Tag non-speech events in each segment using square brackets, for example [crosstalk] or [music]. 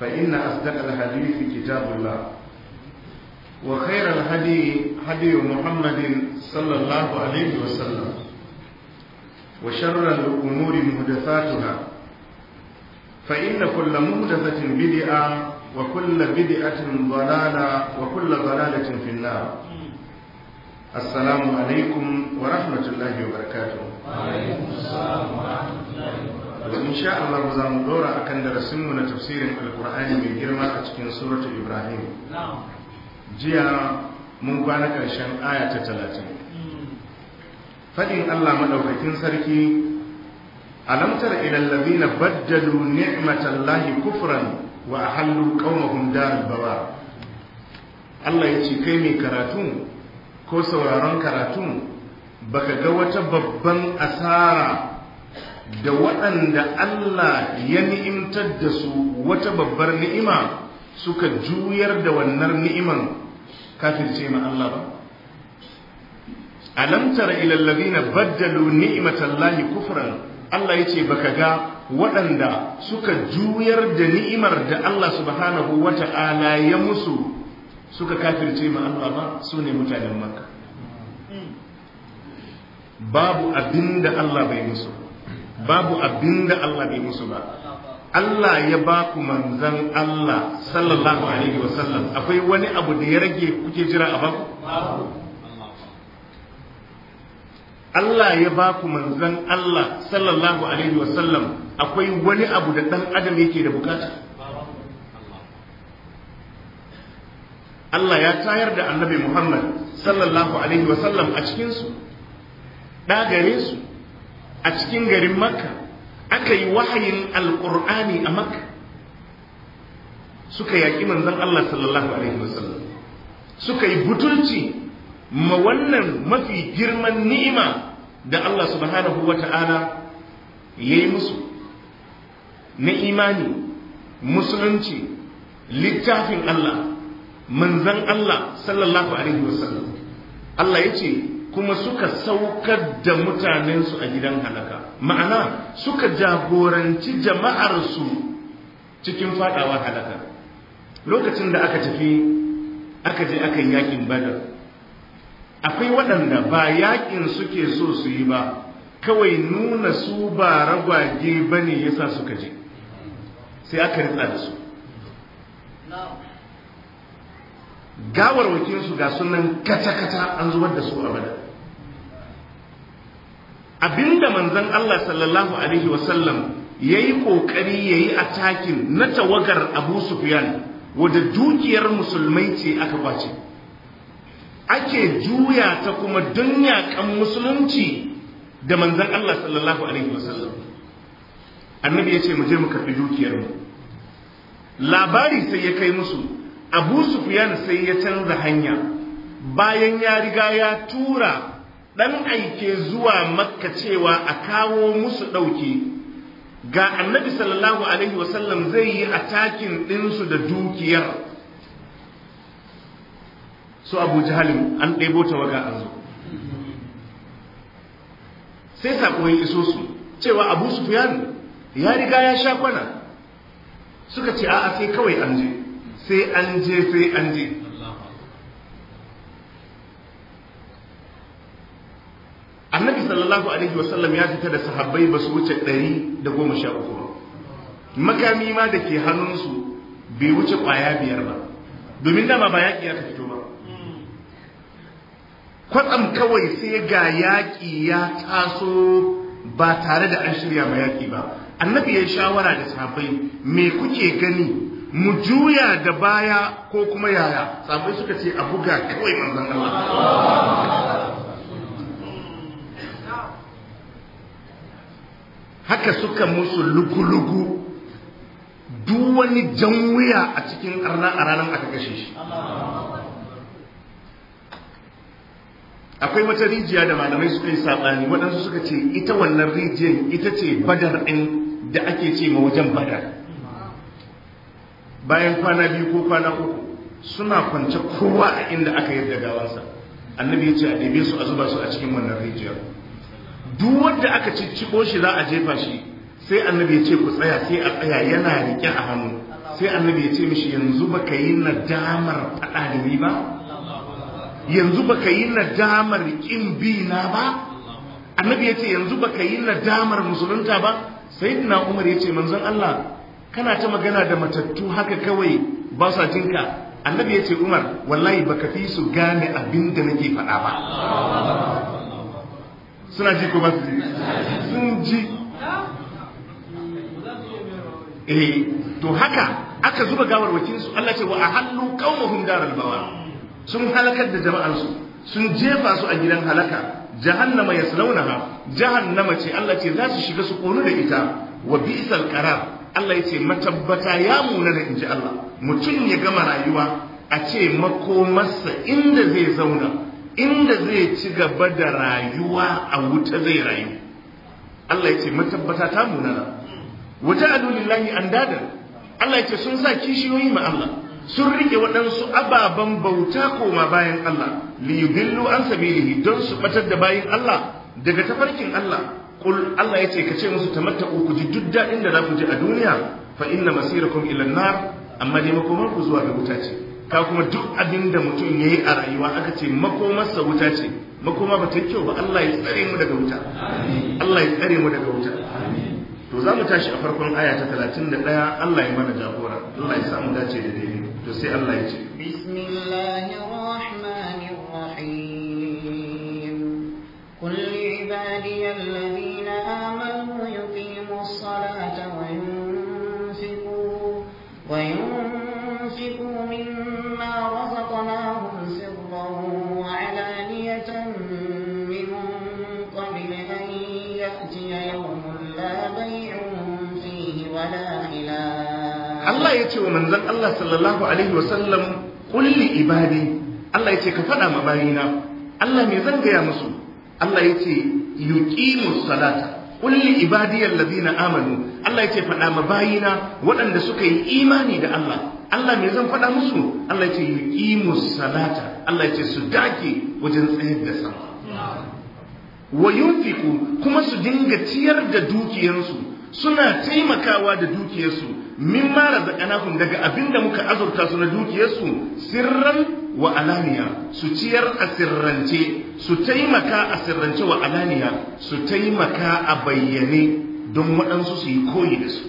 فإن أصدق الحديث كتاب الله وخير الهدي هدي محمد صلى الله عليه وسلم وشر الأمور محدثاتها فإن كل محدثة بدعة وكل بدعة ضلالة وكل ضلالة في النار السلام عليكم ورحمة الله وبركاته وعليكم السلام ورحمة الله وبركاته In insha Allah za mu dora a darasin mu na tafsirin alkur'ani mai girma a cikin suratu ibrahim jiya mun kwana karshen aya ta talatin faɗin Allah maɗaukakin sarki alamtar ilal ladina baddalu ni'matallahi kufran wa ahallu qaumahum darul bawa Allah ya ce kai mai karatu ko sauraron karatu baka ga wata babban asara da waɗanda Allah ya ni'imtar da su wata babbar ni'ima suka juyar da wannan ni'iman ce ma Allah ba alam tara na baddalo baddalu kufran Allah ya yace baka ga waɗanda suka juyar da ni'imar da Allah subhanahu wata'ala ya musu suka ce ma Allah ba Su ne mutanen maka. babu abinda Allah bai musu babu abin da Allah bai musu ba Allah ya ba ku manzan Allah sallallahu alaihi wa sallam akwai wani abu da ya rage kuke jira a baku Allah ya ba ku manzan Allah sallallahu alaihi wa sallam akwai wani abu da dan adam yake da bukata Allah ya tayar da annabi Muhammad sallallahu alaihi wa sallam a cikinsu ɗagare su a cikin garin makka aka yi wahayin alƙur'ani a makka suka yaƙi manzan Allah sallallahu alaihi wasallam suka yi butulci ma wannan mafi girman ni'ima da Allah subhanahu wa ta'ala ya yi musu na imani musulunci littafin Allah manzan Allah sallallahu alaihi wasallam Allah ya ce kuma suka saukar da mutanensu a gidan halaka ma'ana suka jagoranci jama'arsu cikin fadawa halaka lokacin da aka tafi aka je akan yakin badar akwai waɗanda ba yakin suke so su yi ba kawai nuna su ba ragwage ba ne ya sa suka je sai aka ritsa da su Gawar gawarwakinsu ga sunan kata-kata an zubar da su a bada abinda manzon Allah sallallahu alaihi wasallam yayi kokari yayi attacking na tawagar Abu Sufyan wanda dukiyar musulmai ce aka kwace ake juya ta kuma dunya kan musulunci da manzon Allah sallallahu alaihi wasallam annabi yace mu je mu karbi dukiyar mu labari sai ya kai musu Abu Sufyan sai ya canza hanya bayan ya riga ya tura dan aike zuwa makka cewa a kawo musu ɗauki ga annabi sallallahu alaihi wasallam zai yi atakin ɗinsu da dukiyar su abu jihalin an ɗebo ta waga an zo sai saƙoyin iso su cewa abu sufyan ya riga ya sha kwana suka ce a'a sai kawai an je sai an je sai an je sallallahu alaihi wasallam ya fita da sahabbai ba su wuce 113 ba makami ma da ke hannunsu bai wuce kwaya biyar ba domin dama ba yaƙi ya fito ba kwatsam kawai sai ga yaƙi ya taso ba tare da an shirya ma yaƙi ba annabi ya shawara da sahabbai me kuke gani mu juya da baya ko kuma yaya sahabbai suka ce a buga kawai manzon Allah haka suka musu lugu-lugu duk wani jan wuya a cikin rana a ranar aka kashe shi akwai wata rijiya da malamai suka yi saɓani waɗansu suka ce ita wannan rijiyar ita ce badar ɗin da ake ce ma wajen badar bayan kwana biyu ko kwana uku suna kwance kowa a inda aka yarda gawansa annabi ya ce a ɗebe su a zuba su a cikin wannan rijiyar duk wanda aka cicciko shi za a jefa shi sai annabi ya ce ku tsaya sai a tsaya yana rike a hannu sai annabi ya ce mishi yanzu baka yi nadamar faɗa da ni ba yanzu baka yi nadamar kin bi na ba annabi ya ce yanzu baka yi nadamar musulunta ba sayyidina umar ya ce manzon Allah kana ta magana da matattu haka kawai ba sa jinka annabi ya ce umar wallahi baka fi su gane abin da nake faɗa ba suna ji ko ba su ji sun ji eh to haka aka zuba gawarwakin su Allah ce wa ahallu qaumuhum daral bawa sun halakar da jama'ar su sun jefa su a gidan halaka jahannama yaslaunaha jahannama ce Allah ce za su shiga su konu da ita wa bi'sal qarar Allah yace matabbata ya da inji Allah mutum ya gama rayuwa a ce makomarsa inda zai zauna inda zai ci gaba da rayuwa a wuta zai rayu Allah ya ce matabbata ta munana wata adu an andada Allah ya ce sun sa kishiyoyi ma Allah sun rike waɗansu ababen bauta koma bayan Allah li yudillu an sabilihi don su batar da bayan Allah daga tafarkin Allah kul Allah ya ce ka ce musu ta ku ji duk daɗin da za ku ji a duniya fa inna masirakum ila nar amma dai makomar ku zuwa ga wuta ce ka kuma duk abin da mutum ya yi a rayuwa aka ce makomarsa wuta ce makoma ba ta kyau ba Allah ya tsare mu daga wuta Allah ya tsare mu daga wuta to za mu tashi a farkon aya ta 31 Allah ya mana jagora Allah ya samu dace da daidai to sai Allah ya ce bismillahirrahmanirrahim rahmanir rahim qul li ibadiyal ladina amanu yuqimus salata wa yunfiqu wa yunfiqu Allah ya ce wa manzan Allah sallallahu alaihi wasallam kulli ibadi Allah ya ce ka faɗa ma bayina Allah me zan gaya musu Allah ya ce yuƙimu salata Kulli ibadi ibadiyal na amanu Allah ya ce faɗa ma bayina waɗanda suka yi imani da Allah Allah me zan faɗa musu Allah ya ce yuƙimu salata Allah ya ce su dake wajen tsayar da sama wa yunfiqu kuma su dinga ciyar da dukiyarsu suna taimakawa da dukiyarsu min mara zakanahum daga abinda muka azurta su na dukiyarsu sirran wa alaniya su ciyar a sirrance su taimaka a sirrance wa alaniya su taimaka a bayyane don waɗansu su yi koyi da su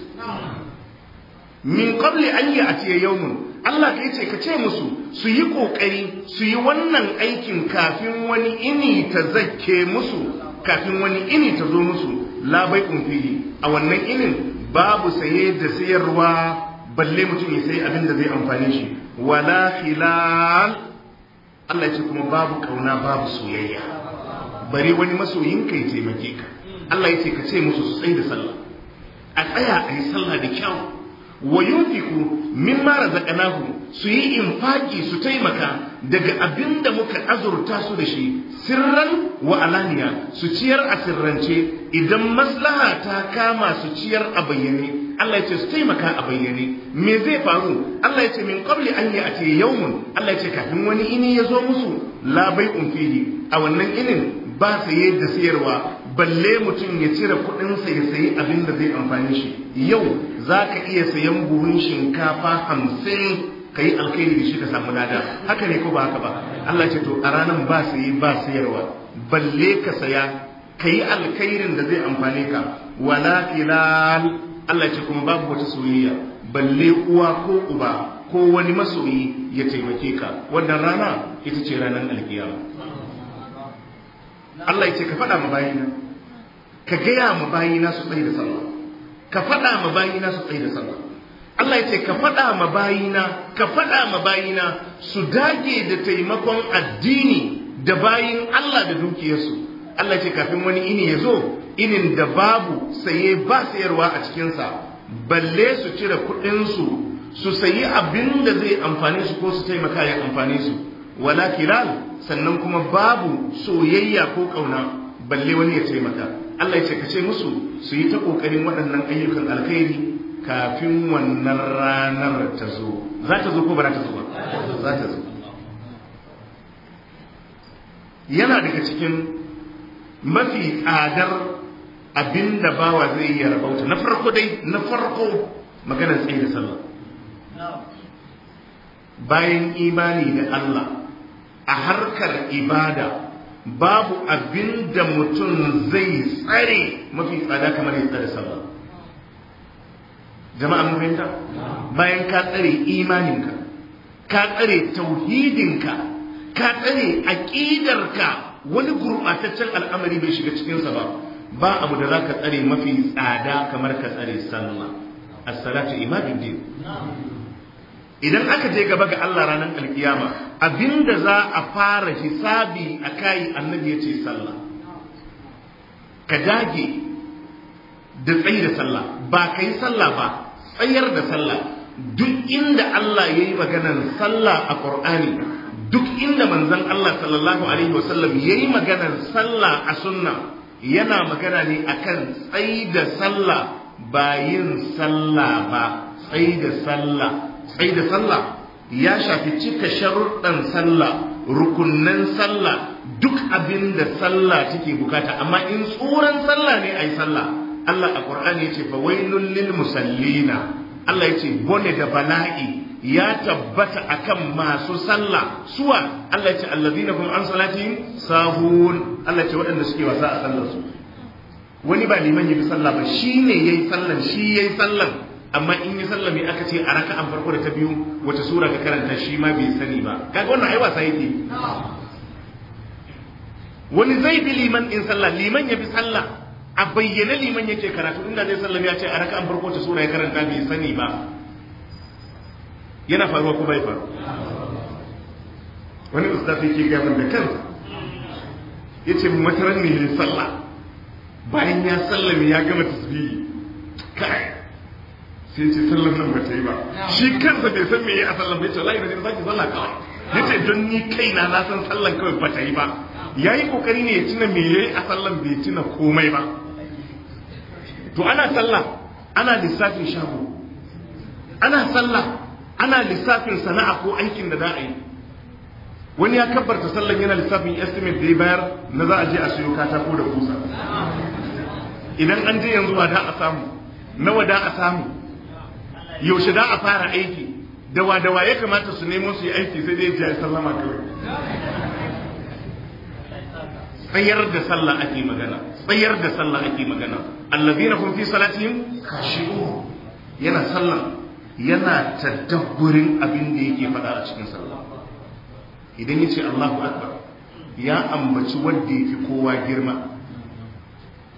min qabli an yi a ciye yaumun Allah ka ce ka ce musu su yi ƙoƙari su yi wannan aikin kafin wani ini ta zakke musu kafin wani ini ta zo musu labai fili a wannan inin babu saye da sayarwa balle mutum ya sayi abin da zai amfani shi wala hilal Allah ce kuma babu kauna babu soyayya bari wani masoyin kai taimake ka Allah ya ce ka ce musu su tsaye da sallah a tsaya a yi sallah da kyau wa min mimma razaqnahu su yi infaki su taimaka daga abin da muka azurta su da shi sirran wa alaniya su ciyar a sirrance idan maslaha ta kama su ciyar a bayyane Allah ya ce su taimaka a bayyane me zai faru Allah ya ce min qabli an yi a ce yawmun Allah ya ce kafin wani ini ya zo musu la bai'un fihi a wannan inin ba saye da sayarwa balle mutum ya cire kudinsa ya sayi abin da zai amfani shi yau za ka iya sayan buhun shinkafa hamsin ka yi alkhairi da shi ka samu lada haka ne ko ba haka ba Allah ce to a ranar ba su yi ba sayarwa balle ka saya ka yi alkhairin da zai amfani ka wala ilal Allah ce kuma babu wata soyayya balle uwa ko uba ko wani masoyi ya taimake ka wannan rana ita ce ranan alkiyama Allah ya ce ka faɗa ma bayina ka gaya ma bayina su tsaye da sallah ka faɗa ma bayina su tsaye da sallah Allah ya ce ka faɗa ma bayina ka faɗa ma bayina su dage da taimakon addini da bayin Allah da dukiyarsu Allah ya ce kafin wani ini ya zo inin da babu saye ba sayarwa a cikinsa balle su cire kuɗinsu su sayi abin da zai amfane su ko su taimaka ya amfane su wala kilal sannan kuma babu soyayya ko ƙauna balle wani ya taimaka Allah ya ce ka ce musu su yi ta ƙoƙarin waɗannan ayyukan alkhairi kafin wannan ranar ta zo za ta zo ko ba za ta zo ba za ta zo yana daga cikin mafi tsadar abin da bawa zai iya rabauta na farko dai na farko maganar tsaye da sallah bayan imani da Allah a harkar ibada babu abin da mutum zai tsare mafi tsada kamar ya tsare sama? jama'a mun bayan ka tsare imaninka ka tsare tauhidinka ka tsare ƙidarka wani gurbataccen al'amari bai shiga cikinsa ba ba abu da za ka tsare mafi tsada kamar ka tsare sallah as-salatu din idan aka je gaba ga Allah ranar alkiyama abinda za a fara hisabi a kai annabi ya ce sallah ka dage da tsayi da sallah ba ka yi sallah ba tsayar da sallah duk inda Allah ya yi maganar sallah a ƙur'ani duk inda manzan Allah sallallahu alaihi wasallam ya yi maganar sallah a sunna yana magana ne akan tsayi da sallah ba sallah ba tsayi da sallah aida da sallah ya shafi cika sharuɗan sallah rukunnan sallah duk abin da sallah take bukata amma in tsoron sallah ne a yi sallah Allah a ya ce fa wai lil musallina Allah ya ce bone da bala'i ya tabbata akan masu sallah suwa Allah ya yace allazina kuma an salati sahun Allah ya ce waɗanda suke wasa a sallar wani ba liman yabi sallah ba shine yi sallan shi ya yi sallan amma in yi sallame aka ce a raka an farko da ta biyu wata sura ka karanta shi ma bai sani ba kaga wannan ai wasa yake wani zai bi liman in sallah liman ya bi sallah a bayyane liman yake karatu inda zai sallame ya ce a raka an farko ta sura ya karanta bai sani ba yana faruwa ko bai faru wani ustaz yake ga mun da kansa yace mataran ne ya sallah bayan ya sallame ya gama tasbihi kai sai ce sallar nan ba ta yi ba shi kansa bai san me yi a sallar ya ce wallahi da zaki sallah kawai ce don ni kaina na san sallar kawai ba ta yi ba Ya yi kokari ne ya tuna me yi a sallar bai tuna komai ba to ana sallah ana lissafin shago ana sallah ana lissafin sana'a ko aikin da za a yi wani ya kabbarta sallan yana lissafin estimate da ya bayar na za a je a siyo katako da kusa idan an je yanzu wada da a samu nawa da a samu yaushe za a fara aiki dawa dawa ya kamata su nemo su yi aiki sai dai jiya sallama kawai tsayar da sallah ake magana tsayar da sallah ake magana allazina hum fi salatihim khashi'un yana sallah yana tadabburin abin da yake faɗa a cikin sallah idan yace Allahu akbar ya ambaci wanda yake kowa girma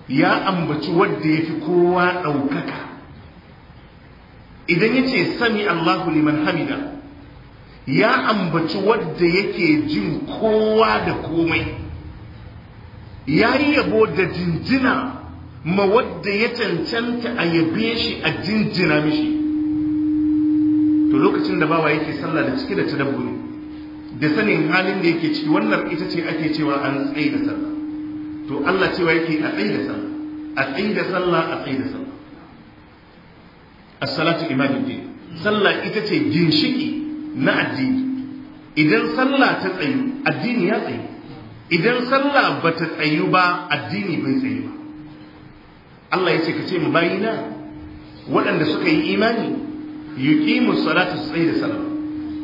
ya ambaci wanda yake kowa ɗaukaka idan yace ce sami Allahu liman hamida ya ambaci wadda yake jin kowa da komai ya yabo da jinjina ma wadda ya cancanta a yabe shi a jinjina mishi to lokacin da bawa yake sallah da cike da tadabburi da sanin halin da yake ciki wannan ita ce ake cewa an tsaye da sallah to Allah cewa yake a tsaye da sallah a tsaye da sallah a tsaye da sallah as-salatu din sallah ita ce ginshiki na addini idan sallah ta tsayu addini ya tsayu idan sallah ba ta tsayu ba addini bai tsayu ba Allah ya ce ka ce mu bayina waɗanda suka yi imani yuqimu salata su da sallah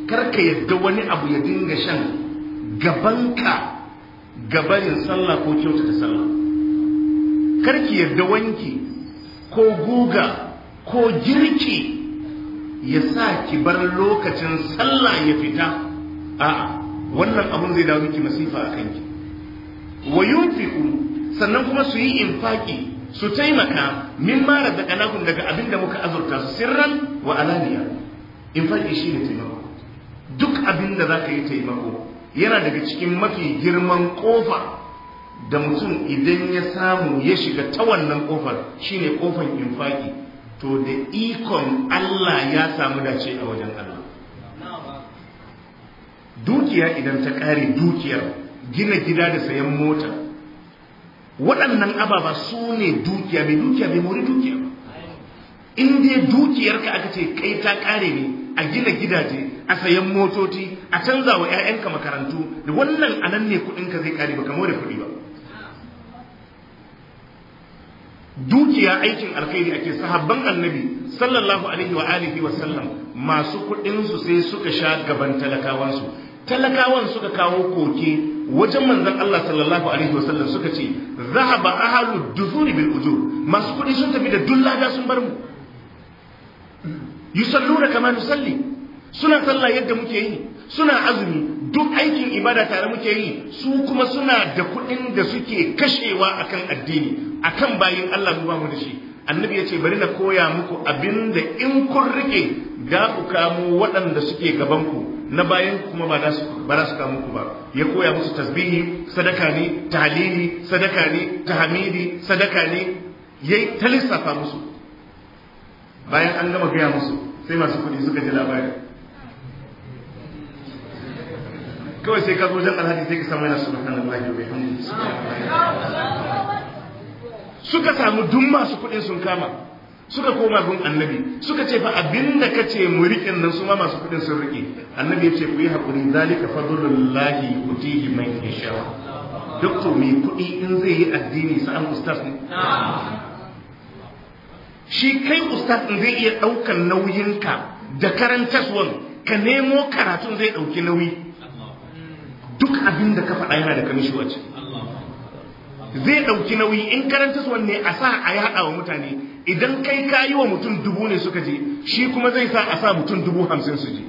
kar ka yadda wani abu ya dinga shan gabanka gabanin sallah ko kyautata sallah kar ki yadda wanki ko guga ko girki ya sa ki bar lokacin sallah ya fita a'a wannan abun zai dawo miki masifa a kanki wa yunfiqu sannan kuma su yi infaki su taimaka min mara da kanakun daga abin da muka azurta su sirran wa alaniya infaki shine taimako duk abin da zaka yi taimako yana daga cikin mafi girman kofa da mutum idan ya samu ya shiga ta wannan kofar shine kofar infaki to da ikon Allah ya samu dace a wajen Allah dukiya idan ta kare dukiyar gina gida da sayan mota waɗannan ababa su ne dukiya mai dukiya mai mori dukiya ba in dai dukiyarka aka ce kai ta kare ne a gina gidaje a sayan motoci a canza wa 'ya'yanka makarantu da wannan anan ne kuɗinka zai kare ba kamar da kuɗi ba dukiya aikin alkhairi ake sahabban annabi sallallahu alaihi wa alihi wa sallam masu kudin su sai suka sha gaban talakawan su talakawan suka kawo koke wajen manzon Allah sallallahu alaihi wa sallam suka ce zahaba ahalu duzuri bil ujur masu kuɗi sun tafi da dullada sun bar mu yusalluna kama nusalli suna sallah yadda muke yi suna azumi duk aikin ibada tare muke yi su kuma suna da kuɗin da suke kashewa akan addini akan bayin Allah mu mu da shi annabi yace bari na koya muku abinda in kun rike da ku kamo waɗanda suke gaban ku na bayan kuma ba za su kamo ku ba ya koya musu tasbihi sadaka ne tahlili sadaka ne tahmidi sadaka ne yayi ta lissafa musu bayan an gama gaya musu sai masu kuɗi suka ji labari kawai sai ka zo jan alhaji sai ka samu yana suna subhanallahi wa bihamdihi suka samu duk masu kuɗin sun kama suka koma gun annabi suka ce fa abinda kace mu riƙe nan su ma masu kuɗin sun rike annabi ya ce ku yi hakuri zalika fadlullahi yutihi man yasha to mai kuɗi in zai yi addini sa'an ustaz ne shi kai ustaz din zai iya ɗaukan nauyinka da karantaswan ka nemo karatun zai ɗauki nauyi abin da ka faɗa yana da kamishi wace zai ɗauki nauyi in karanta su wanne a sa a yaɗa wa mutane idan kai ka yi wa mutum dubu ne suka je shi kuma zai sa a sa mutum dubu hamsin su je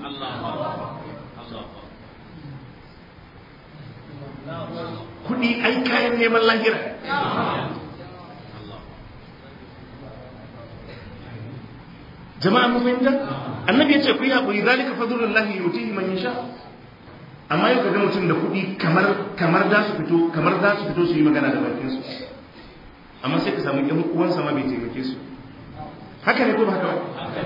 kuɗi ai kayan neman lahira jama'a mu fahimta annabi ya ce ku yi haƙuri zalika fadlullahi yutihi man yasha amma yau kaga mutum da kuɗi kamar kamar za su fito kamar za su fito su yi magana da bakin su amma sai ka samu ɗan uwan sama bai taimake su haka ne ko ba haka ba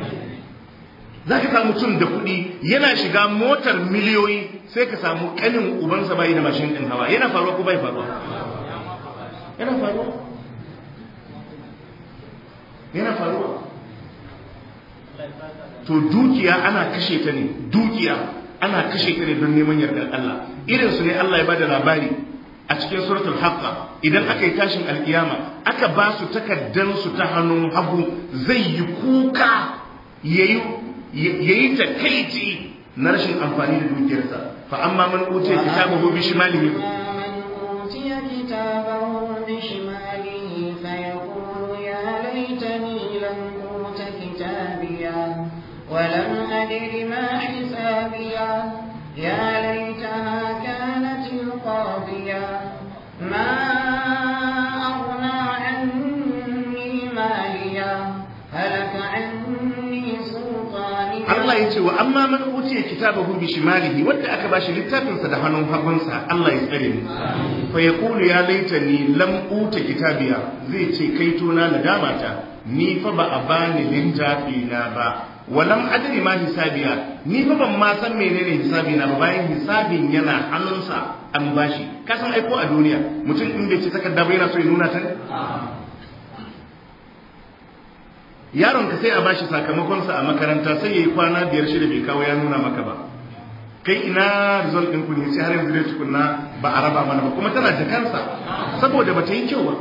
za ka samu mutum da kuɗi yana shiga motar miliyoyi sai ka samu ƙanin ubansa bai da mashin ɗin hawa yana faruwa ko bai faruwa yana faruwa yana faruwa to dukiya ana kashe ta ne dukiya ana kashe irin don neman yardar Allah irin su ne Allah ya bada labari a cikin suratul haqqa idan aka yi tashin alkiyama aka ba su su ta hannun hagu zai yi kuka yayi yayi takaici na rashin amfani da dukiyarsa fa amma man utiya kitabahu bi shimalihi ولم أدر ما حسابي القاضية يا ليتها كانت القاضية ما أغنى عني مالية هلك عني سلطانية الله يتوى أما من أوتي كتابه بشماله ودى أكباش لتاب سدحانهم فرنسا الله يسألني فيقول يا ليتني لم أوت كتابيا زي تكيتنا لدامتا ni fa ba a bani littafi na ba walam adri ma hisabiya ni fa ban ma san menene hisabi na ba bayan hisabin yana hannunsa an bashi ka san aiko a duniya mutum in bai ci takarda ba yana so ya nuna ta yaron ka sai a bashi sakamakon sa a makaranta sai yayi kwana biyar shida bai kawo ya nuna maka ba kai ina result din ku ne sai har yanzu dai tukunna ba a raba mana ba kuma tana jakansa saboda ba ta yi kyau ba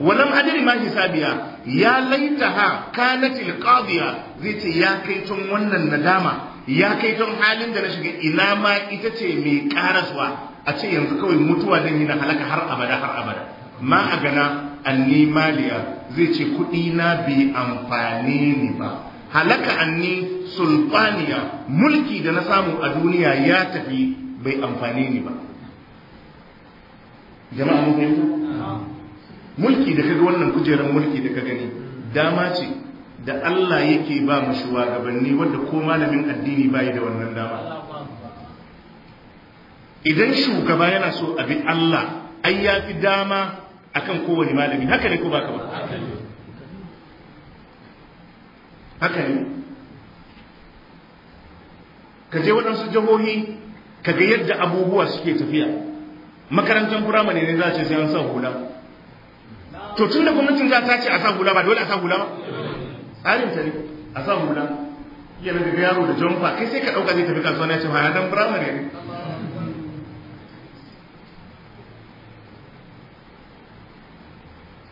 walam adri ma hisabiya ya ha kanatil alqadiya zai ce ya kai tun wannan nadama ya kai tun halin da na shiga ina ma ita ce mai karaswa a ce yanzu kawai mutuwa zan yi na halaka har abada har abada ma a gana anni maliya zai ce kuɗi na bi amfani ni ba halaka anni sulfaniya mulki da na samu a duniya ya tafi bai amfani ni ba jama'a mun fahimta mulki da kaga wannan kujerar mulki da ka gani dama ce da Allah yake ba mu shugabanni wanda ko malamin addini bai da wannan dama idan shugaba yana so abi Allah ai ya fi dama akan kowane malami haka ne ko baka ba haka ne ka je waɗansu jihohi ka ga yadda abubuwa suke tafiya makarantar firamare ne za a ce sai an sa hula to tun da gwamnatin za ta ce a sa hula ba dole a sa hula ba tsarin ta ne a sa hula yana ga yaro da jomfa kai sai ka ɗauka zai tafi kasuwa na ce ya dan firamare ne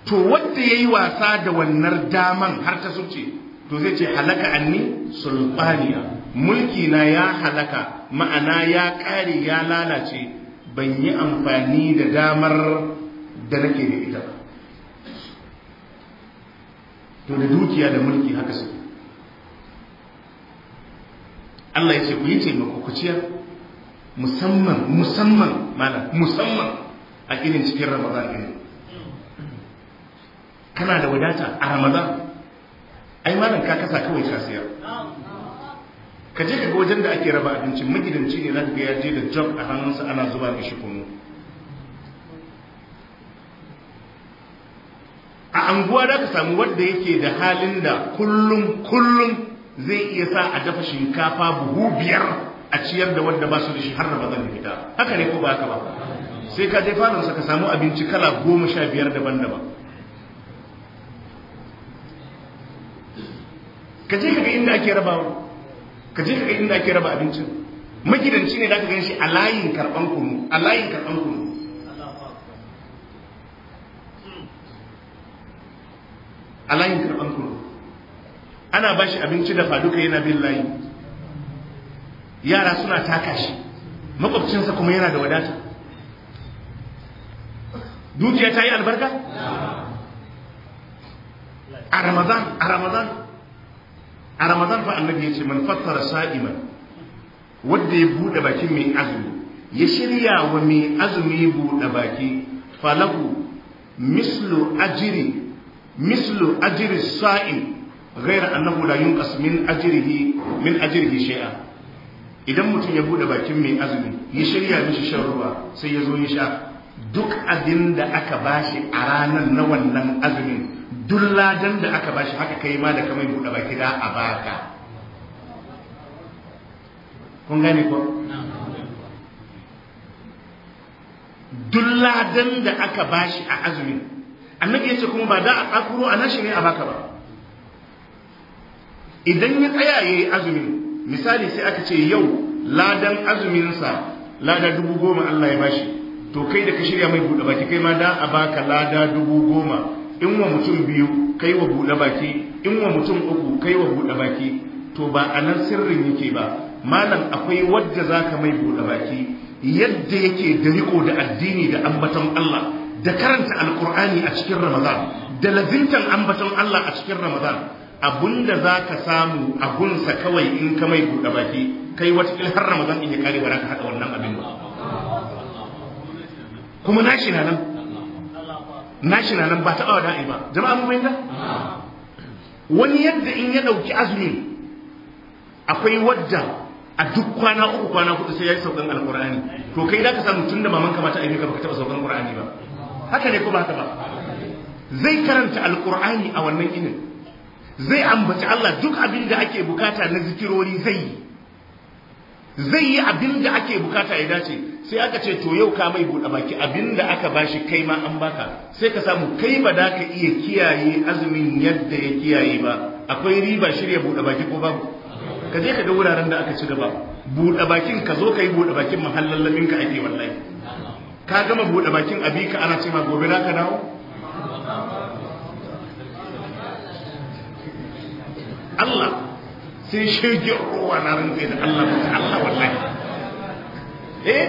to wanda ya yi wasa da wannan daman har ta suce to zai ce halaka anni sulbaniya mulki na ya halaka ma'ana ya ƙare ya lalace ban yi amfani da damar da nake da ita ba to da dukiya da mulki haka su Allah ya ce ku yi taimako ku ciyar musamman musamman malam musamman a irin cikin ramadan ɗin kana da wadata a ramadan ai malam ka kasa kawai ka siyar ka je ka ga wajen da ake raba abincin magidanci ne za ka ga je da job a hannunsa ana zuba mishi kunu a anguwa da ka samu wadda yake da halin da kullum kullum zai iya sa a dafa shinkafa buhu biyar a ciyar da wadda ba su da shi har da bazan fita haka ne ko ba haka ba sai ka je fadansa ka samu abinci kala goma sha biyar daban-daban ka je kaga inda ake rabawa ka je kaga inda ake raba abincin magidanci ne da ka ganshi a layin karban kunu a layin karban kunu a layin karɓar ana ba shi abinci da faduka yana bin layi yara suna taka shi makwabcinsa kuma yana da wadata dukiya ta yi albarka a ramadan a ramadan a ramadan fa annabi ya ce man fattara sa'iman wanda ya buɗe bakin mai azumi ya shirya wa mai azumi buɗe baki falahu mislu ajiri mislu ajri sa'in ghayra annahu la yunqas min ajrihi min ajrihi shay'a idan mutum ya bude bakin mai azumi ya shirya mishi shan ruwa sai ya zo ya sha duk abin da aka bashi a ranar na wannan azumin duk ladan da aka bashi haka kai ma da kamar bude baki da a baka kun gane ko duk da aka bashi a azumin annabi ya ce kuma ba da a tsakuro a nashi ne a baka ba idan ya tsaya ya yi azumi misali sai aka ce yau ladan azuminsa lada dubu goma Allah ya bashi to kai da ka shirya mai buɗe baki kai ma da a baka lada dubu goma in wa mutum biyu kai wa buɗe baki in wa mutum uku kai wa buɗe baki to ba a nan sirrin yake ba malam akwai wadda zaka mai buɗe baki yadda yake da riko da addini da ambaton Allah da karanta alkur'ani a cikin ramadan da lazimtan ambaton Allah a cikin ramadan abinda za ka samu abunsa kawai in ka mai buɗe baki kai wata ilhar ramadan in ya kare ba ka haɗa wannan abin ba kuma nashi na nan nashi na nan ba taɓa wada'i ba jama'a mu bayyana wani yadda in ya ɗauki azumi akwai wadda a duk kwana uku kwana hudu sai ya yi saukan alkur'ani to kai za ka samu tun da maman mamanka mata aibika baka taɓa saukan alkur'ani ba haka ne kuma haka ba zai karanta alkur'ani a wannan inin zai ambaci Allah duk abin da ake bukata na zikirori zai yi zai yi abin da ake bukata ya dace sai aka ce to yau ka mai buɗe baki abin da aka bashi kai ma an baka sai ka samu kai ba da ka iya kiyaye azumin yadda ya kiyaye ba akwai riba shirya buɗe baki ko babu ka je ka ga wuraren da aka ci gaba buɗe bakin ka zo ka yi buɗe bakin muhallin laminka ake wallahi ka gama buɗe bakin ka ana cewa gobe da ka dawo Allah sai shege ruwa na rinke da Allah ba Allah wallahi eh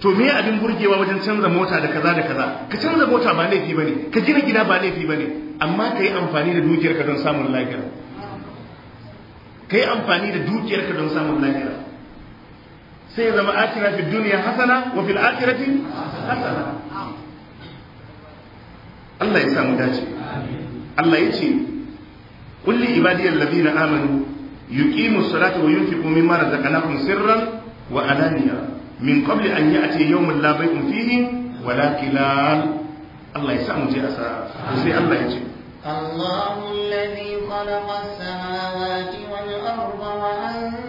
to me abin burgewa wajen canza mota da kaza da kaza ka canza mota ba laifi bane ka gina gida ba laifi bane amma ka yi amfani da dukiyarka don samun lafiya ka yi amfani da dukiyarka don samun lafiya sai ya zama atina fi duniya hasana wa fil akhirati hasana Allah ya samu dace Allah ya ce kulli ibadiyal ladina amanu yuqimu salata wa yunfiqu mimma razaqnakum sirran wa alaniya min qabli an ya'ti yawmun la bay'un fihi wa la qilal Allah ya samu je asa sai Allah ya ce الله الذي خلق السماوات والأرض وأنزل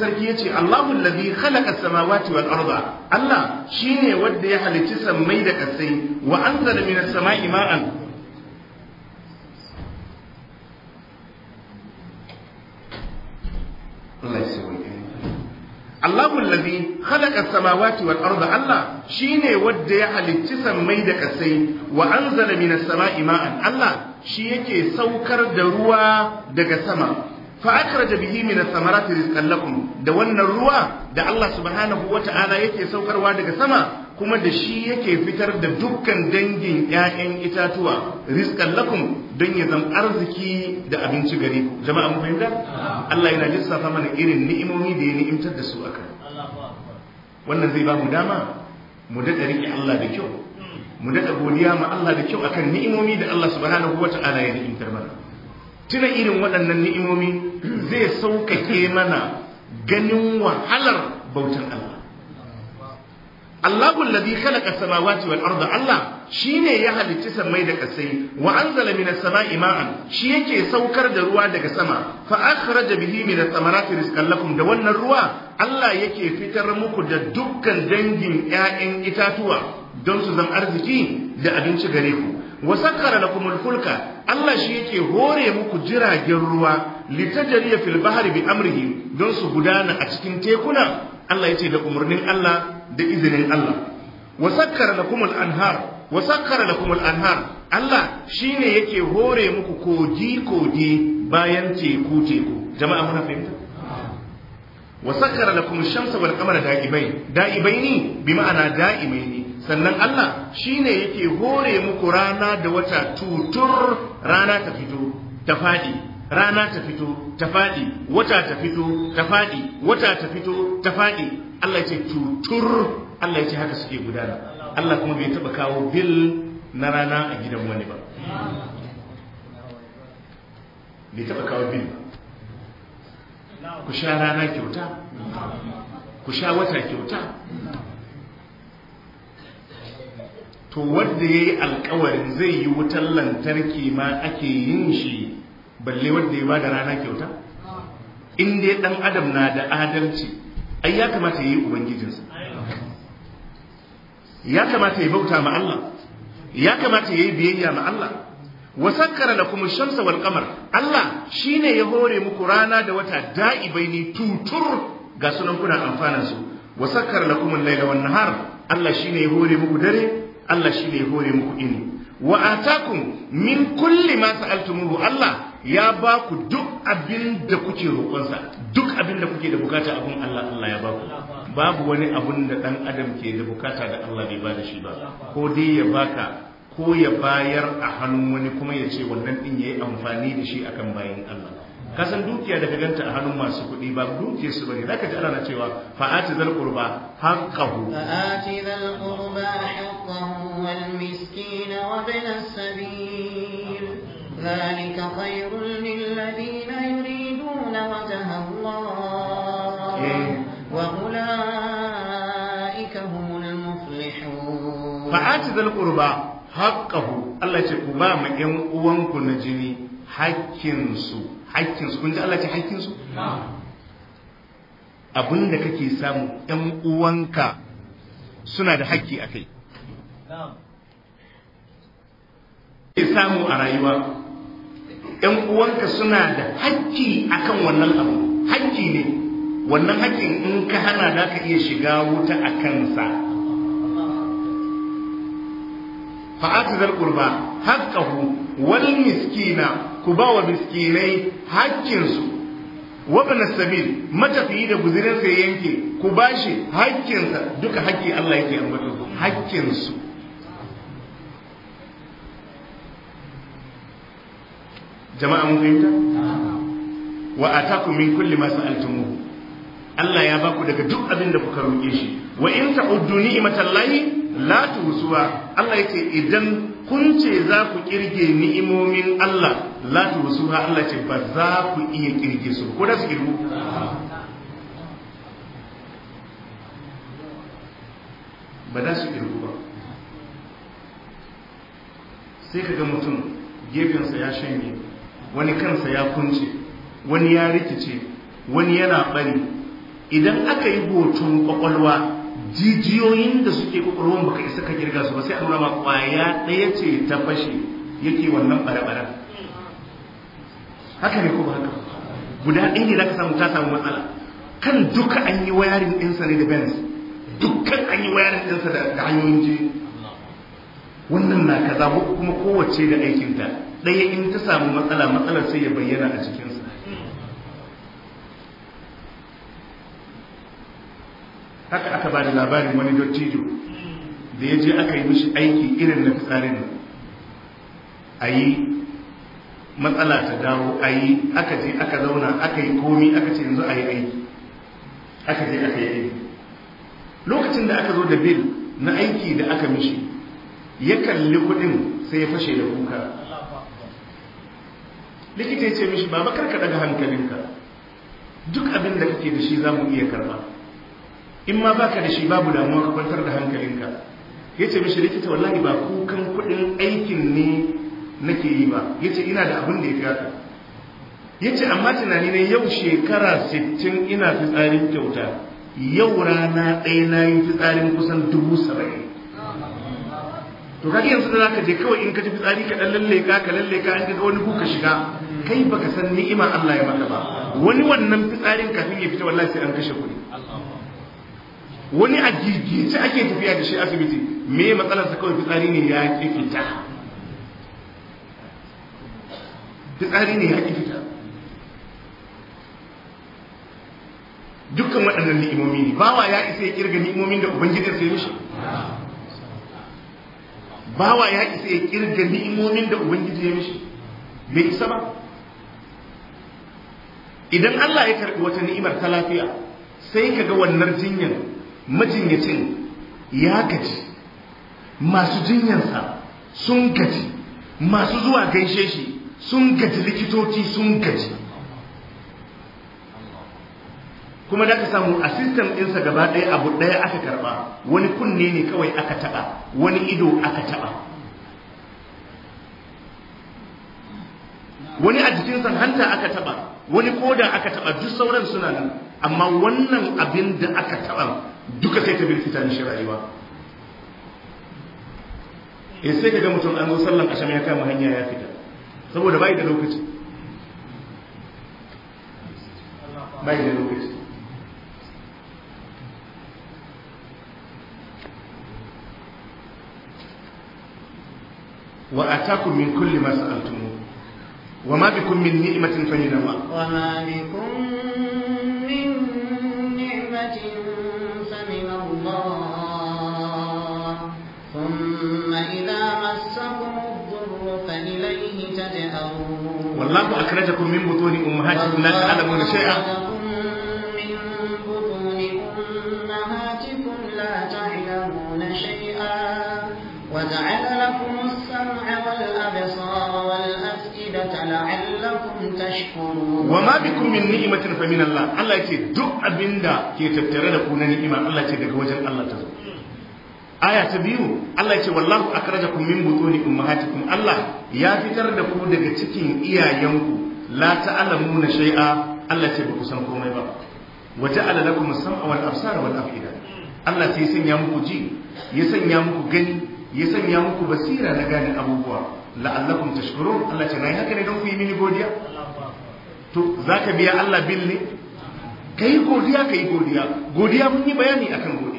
sarki yace Allahu allazi khalaqa samawati wal arda Allah shine wadda ya halicci sammai da kasai wa anzala minas samawati wal arda Allah ne wadda ya halicci sammai da ƙasai. wa anzala minas samai ma'an Allah shi yake saukar da ruwa daga sama fa akhraja bihi min da wannan ruwa da Allah subhanahu ta'ala yake saukarwa daga sama kuma da shi yake fitar da dukkan dangin 'ya'yan itatuwa rizqan lakum don ya zama arziki da abinci gari jama'a mun fahimta Allah yana lissafa mana irin ni'imomi da ya ni'imtar da su akan wannan zai ba mu dama mu daɗa riƙe Allah da kyau mu daɗa godiya ma Allah da kyau akan ni'imomi da Allah ya ni'imtar mana tuna irin waɗannan ni'imomi zai sauƙaƙe mana ganin wahalar bautan Allah Allahul ladhi khalaqa samawati wal arda Allah shine ya halicci sammai da kasai wa anzala minas sama'i ma'an shi yake saukar da ruwa daga sama fa akhraja bihi minat thamarati rizqan lakum da wannan ruwa Allah yake fitar muku da dukkan dangin 'ya'yan itatuwa don su zama arziki da abinci gare ku wa sakkara lakumul fulka Allah shi yake hore muku jiragen ruwa litajriya fil bahri bi amrihi don su gudana a cikin tekuna Allah yace da umurnin Allah da izinin Allah wa sakkara lakumul anhar wa sakkara lakumul anhar Allah shine yake hore muku koji koji bayan teku teku jama'a muna fahimta wa sakkara lakum shamsa wal qamara da'ibai da'ibaini bi ma'ana ne. sannan Allah shi ne yake hore muku rana da wata tutur rana ta fito ta faɗi, rana ta fito ta faɗi, wata ta fito ta faɗi, wata ta fito ta faɗi. Allah ce tutur Allah ce haka suke gudana Allah kuma bai taɓa kawo bil na rana a gidan wani ba bai taɓa kawo bil ba ku sha rana kyauta ku sha wata kyauta to wanda ya yi alkawarin zai yi wutar lantarki ma ake yin shi balle wanda ya ba da rana kyauta in dai dan adam na da adalci ai ya kamata ya yi ubangijinsa ya kamata ya bauta ma Allah ya kamata ya yi biyayya ma Allah wa sakkara lakum shamsa wal qamar Allah shine ya hore muku rana da wata da'ibaini tutur ga sunan kuna amfanan su wa sakkara lakum laila wan nahar Allah shine ya hore muku dare Allah shine ya hore muku ini wa atakum min kulli ma sa'altumuhu Allah ya ba ku duk abin da kuke roƙonsa duk abin da kuke da bukata abin Allah Allah ya ba ku babu wani abun da dan adam ke da bukata da Allah bai ba da shi ba ko dai ya baka ko ya bayar a hannun wani kuma ya ce wannan ɗin ya yi amfani da shi a kan bayan Allah kasan dukiya da ganta a hannun masu kuɗi ba dukiyar su bane zaka ji ana na cewa fa'ati zal qurba haqqahu fa'ati zal qurba haqqahu wal miskin wa ibn sabil dhalika khayrun lil ladina yuriduna wajha Allah eh. wa ulaika humul muflihun fa'ati zal qurba haƙƙahu Allah ce ku ba mu ƴan uwanku na jini haƙƙinsu. Haƙƙinsu kun ji Allah ce haƙƙinsu? abin da kake samu ƴan uwanka suna da haƙƙi a kai ke samu a rayuwa ‘yan uwanka suna da a akan wannan abu haƙƙi ne wannan haƙƙin in ka hana za ka iya shiga wuta a kansa fa'atizal qurba haqqahu wal miskina ku ba wa miskinai haƙƙinsu wabna sabil matafiyi da guzirin sa yanke ku bashi haƙƙinsa duka haƙƙi Allah yake ambato haƙƙinsu jama'a mun fahimta wa ataku min kulli ma sa'altumuhu Allah ya baku daga duk abin da kuka roƙe shi wa in ta'uddu ni'matallahi la tuhsuha Allah yake idan kun ce za ku kirge ni'imomin Allah la tuhsuha Allah ce ba za ku iya kirge su ko da su kirgu ba da su kirgu ba sai kaga mutum gefensa ya shanye wani kansa ya kunce wani ya rikice wani yana bari idan aka yi hoton kwakwalwa jijiyoyin da suke kwakwalwan baka isa ka girga su ba sai a nuna ma kwaya ɗaya ce ta fashe yake wannan bare-baren haka ne ko ba haka guda ɗaya ne zaka samu ta samu matsala kan duka an yi wayarin ɗinsa ne da benz dukkan an yi wayarin ɗinsa da hanyoyin ji wannan na kaza kuma kowace da aikinta ɗaya in ta samu matsala matsalar sai ya bayyana a cikin haka aka ba da labarin wani dottijo da ya je aka yi mishi aiki irin na fitsarin a yi matsala ta dawo a yi aka je aka zauna aka yi komi aka ce yanzu a yi aiki aka je aka yi aiki lokacin da aka zo da bil na aiki da aka mishi ya kalli kudin sai ya fashe da kuka likita ya ce mishi ba makarka daga hankalinka duk abin da kake da shi za mu iya karba in ma baka da shi babu damuwa ka kwantar da hankalinka Ya ce mishi likita wallahi ba kukan kudin aikin ne nake yi ba Ya ce ina da abin da ya gata ce amma tunani ne yau shekara 60 ina fitsarin kyauta yau rana ɗaya na yi fitsarin kusan dubu saba'in to ke yanzu da zaka je kawai in ka ji fitsari ka dan lalle ka ka lalle ka an ga wani ka shiga kai baka san ni'ima Allah ya maka ba wani wannan fitsarin kafin ya fita wallahi sai an kashe kuɗi wani a gigice ake tafiya da shi asibiti me matsalar sa kawai fitsari ne ya ƙi fita fitsari ne ya ƙi fita dukkan waɗannan ni'imomi ne bawa ya isa ya kirga ni'imomin da ubangijin sai mishi bawa ya isa ya kirga ni'imomin da ubangiji ya mishi bai isa ba idan Allah ya karɓi wata ni'imar ta lafiya sai ka ga wannan jinyar majinyacin ya gaji masu jinyansa sun gaji masu zuwa gaishe shi sun gaji likitoci sun gaji kuma da ka samu a sistem ɗinsa gaba ɗaya abu ɗaya aka karɓa wani kunne ne kawai aka taɓa wani ido aka taɓa wani a jikinsa hanta aka taɓa wani koda aka taɓa duk sauran suna nan amma wannan abin da aka taɓa duka sai ta birkita mishi ba in sai ka ga mutum an zo sallan asham ya kama hanya ya fita saboda bai da lokaci bai da lokaci wa atakum min kulli ma sa'altum wa ma bikum min ni'matin fa min Allah wa ma bikum فإذا مسكم الضر فإليه والله أكرجكم من بطون أمهاتكم لا تعلمون شيئا من بطون أمهاتكم لا تعلمون شيئا وجعل لكم السمع والأبصار لعلكم تشكرون وما بكم من نعمة فمن الله الله يتي دو أبندا كي تبترى لكم نعمة الله يتي وجل الله تزور aya ta biyu Allah ya ce wallahu akhrajakum min butuni ummahatikum Allah ya fitar da ku daga cikin iyayenku la ta'lamuna shay'a Allah ce ba ku san komai ba wa ja'ala lakum as-sam'a wal absara wal afida Allah sai ya sanya muku ji ya sanya muku gani ya sanya muku basira na gane abubuwa la'allakum tashkurun Allah ce nayi haka ne don ku yi mini godiya to zaka biya Allah bil ne kai godiya kai godiya godiya mun yi bayani akan godiya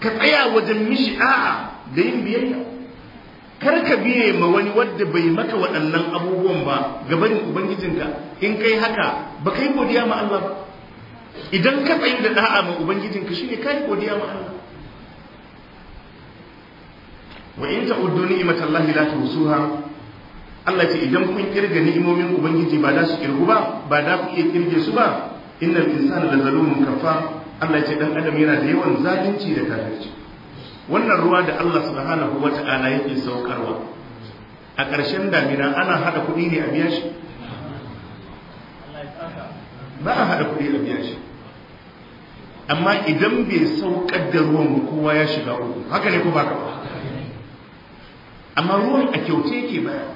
ka tsaya wajen mishi a'a da yin biyayya kar ka biye ma wani wadda bai maka waɗannan abubuwan ba gaban ubangijinka in kai haka ba kai godiya ma Allah ba idan ka tsayu da da'a ma ubangijinka shine kai godiya ma Allah wa in ta'uddu ni'matallahi la tuhsuha Allah ce idan kun kirga ni'imomin ubangiji ba da su kirgu ba ba da ku iya kirge su ba innal insana la zalumun kafar Allah ce dan adam yana da yawan zalunci da kafirci wannan ruwa da Allah subhanahu wata'ala yake saukarwa a ƙarshen damina ana hada kuɗi ne a biya shi ba a hada kuɗi a biya shi amma idan bai saukar da ruwan kowa ya shiga uku haka ne ko ba ka ba amma ruwan a kyauce yake baya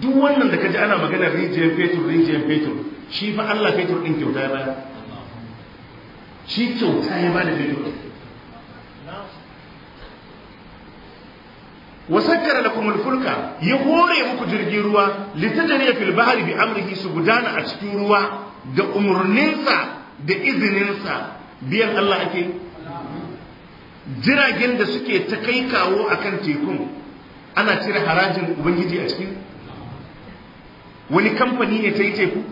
duk wannan da kaji ana magana rijiyar fetur rijiyar fetur shi fa Allah fetur din kyauta ya bayar shi kyauta ya ba da bidiyo wasakkar da kuma fulka ya hore muku jirgin ruwa litajariya fil bahari bi amurki su gudana a cikin ruwa da umarninsa da izininsa biyan Allah ake jiragen da suke ta kai kawo a kan tekun ana cire harajin ubangiji a cikin wani kamfani ne ta yi teku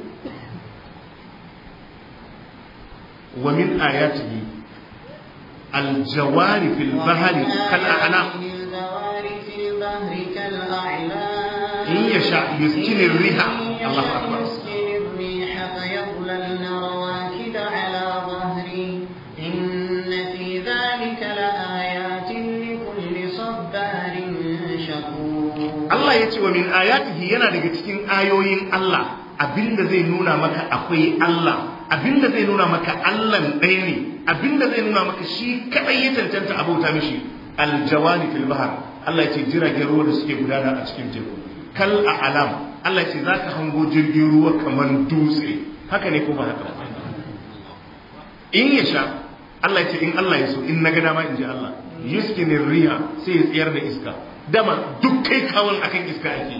wa min ayatihi الجوار في البحر كالأعلام إن يشاء يسكن الريح الله أكبر Allah ya ce wa min ayatihi yana daga cikin ayoyin Allah abinda zai nuna maka akwai Allah abinda zai nuna maka Allah ɗaya ne abinda zai nuna maka shi kaɗai ya cancanta abauta mishi aljawani fil bahar Allah ya ce jiragen ruwa da suke gudana a cikin teku kal a alam Allah ya ce za ka hango jirgin ruwa kamar dutse haka ne ko ba haka in ya sha Allah ya ce in Allah ya so in na ga dama in ji Allah yuskinin riya sai ya tsayar da iska dama duk kai kawon akan iska ake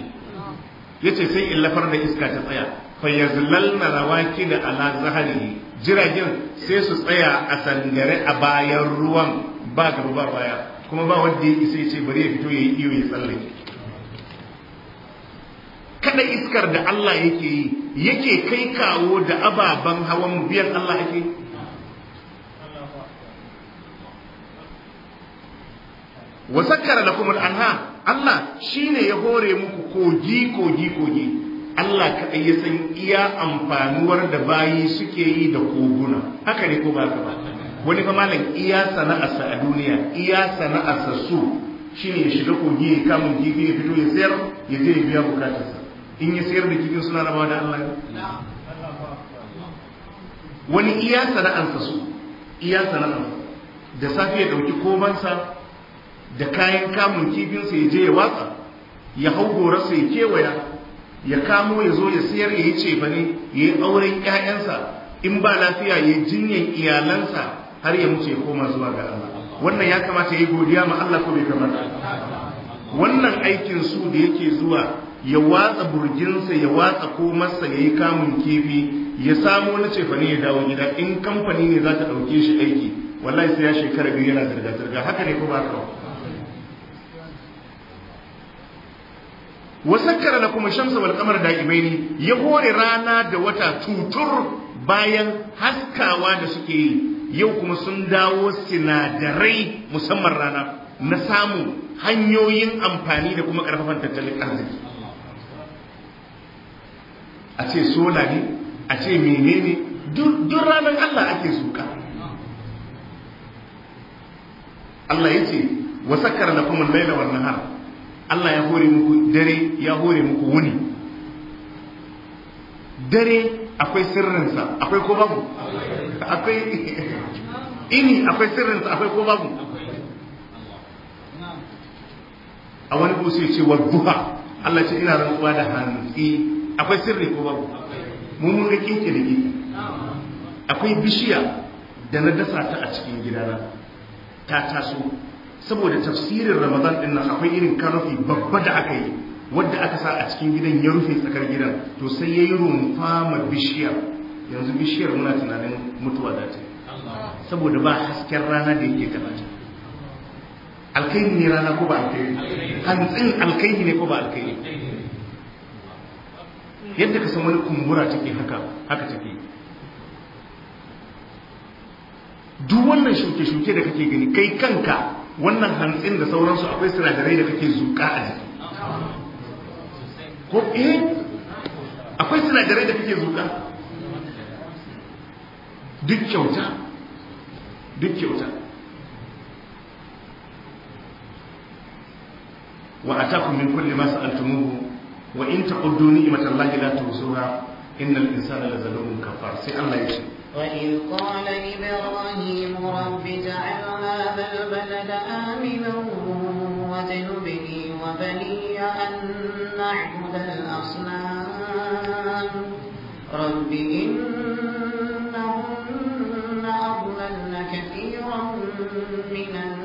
yace sai in lafar da iska ta tsaya fayazlalna rawaki da ala zahari jiragen sai su tsaya a sangare a bayan ruwan ba gaba ba baya kuma ba wanda ya isa ya ce bari ya fito ya yi iyo ya tsallake kada iskar da Allah yake yi yake kai kawo da ababen hawan biyan Allah yake wa sakkara lakum al-anha Allah shine ya hore muku kogi kogi kogi Allah kaɗai ya san iya amfanuwar da bayi suke yi da koguna haka ne ko ba ka ba wani fa malam iya sana'arsa a duniya iya sana'arsa su shine ya shiga kogi ya kama kifi ya fito ya sayar ya je ya biya bukatarsa in ya sayar da kifin suna rabawa da Allah wani iya sana'arsa su iya sana'arsa da safe ya dauki komansa da kayan kamun kifinsa ya je ya watsa ya hau gorarsa ya kewaya ya kamo ya zo ya siyar ya yi cefane ya yi auren 'ya'yansa in ba lafiya ya jinyan iyalansa har ya mutu ya koma zuwa ga Allah wannan ya kamata ya yi godiya ma Allah ko bai kamata wannan aikin su da yake zuwa ya watsa burginsa ya watsa komarsa ya yi kamun kifi ya samo na cefane ya dawo gida in kamfani ne za ta ɗauke shi aiki wallahi sai ya shekara biyu yana zirga-zirga haka ne ko ba haka wasakkara lakum shamsa wal qamara da'ibaini ya hore rana da wata tutur bayan haskawa da suke yi yau kuma sun dawo sinadarai musamman rana na samu hanyoyin amfani da kuma ƙarfafan tattalin arziki a ce sola ne a ce menene duk ranar Allah ake suka Allah ya ce wasakar na kuma laila wannan har Allah ya hore muku dare ya hore muku wuni dare akwai sirrinsa akwai ko babu akwai [laughs] ini akwai sirrinsa akwai ko babu a wani kusa ce wa duha Allah ce ina rantsuwa da hantsi akwai sirri ko babu mun mun rike ke da akwai bishiya da na dasa ta a cikin gidana ta taso saboda tafsirin ramadan din nan akwai irin kanofi babba da aka yi wadda aka sa a cikin gidan ya rufe tsakar gidan to sai ya yi rumfa ma bishiyar yanzu bishiyar muna tunanin mutuwa za ta saboda ba hasken rana da yake gabata alkaini ne rana ko ba alkaini hantsin alkaini ne ko ba alkaini yadda ka san wani kumbura take haka haka take duk wannan shuke-shuke da kake gani kai kanka wannan hantsin da sauransu akwai sinadarai da kake zuƙa a jiki ko eh akwai sinadarai da kake zuƙa duk kyauta duk kyauta wa atakum min kulli ma sa'altumuhu wa in taquddu ni'matallahi la tuhsuha innal insana lazalumun kafar sai Allah ya ce وإذ قال إبراهيم رب جعل هذا البلد آمنا وجنبني وبني أن نعبد الأصنام رب إنهن أضللن كثيرا من الناس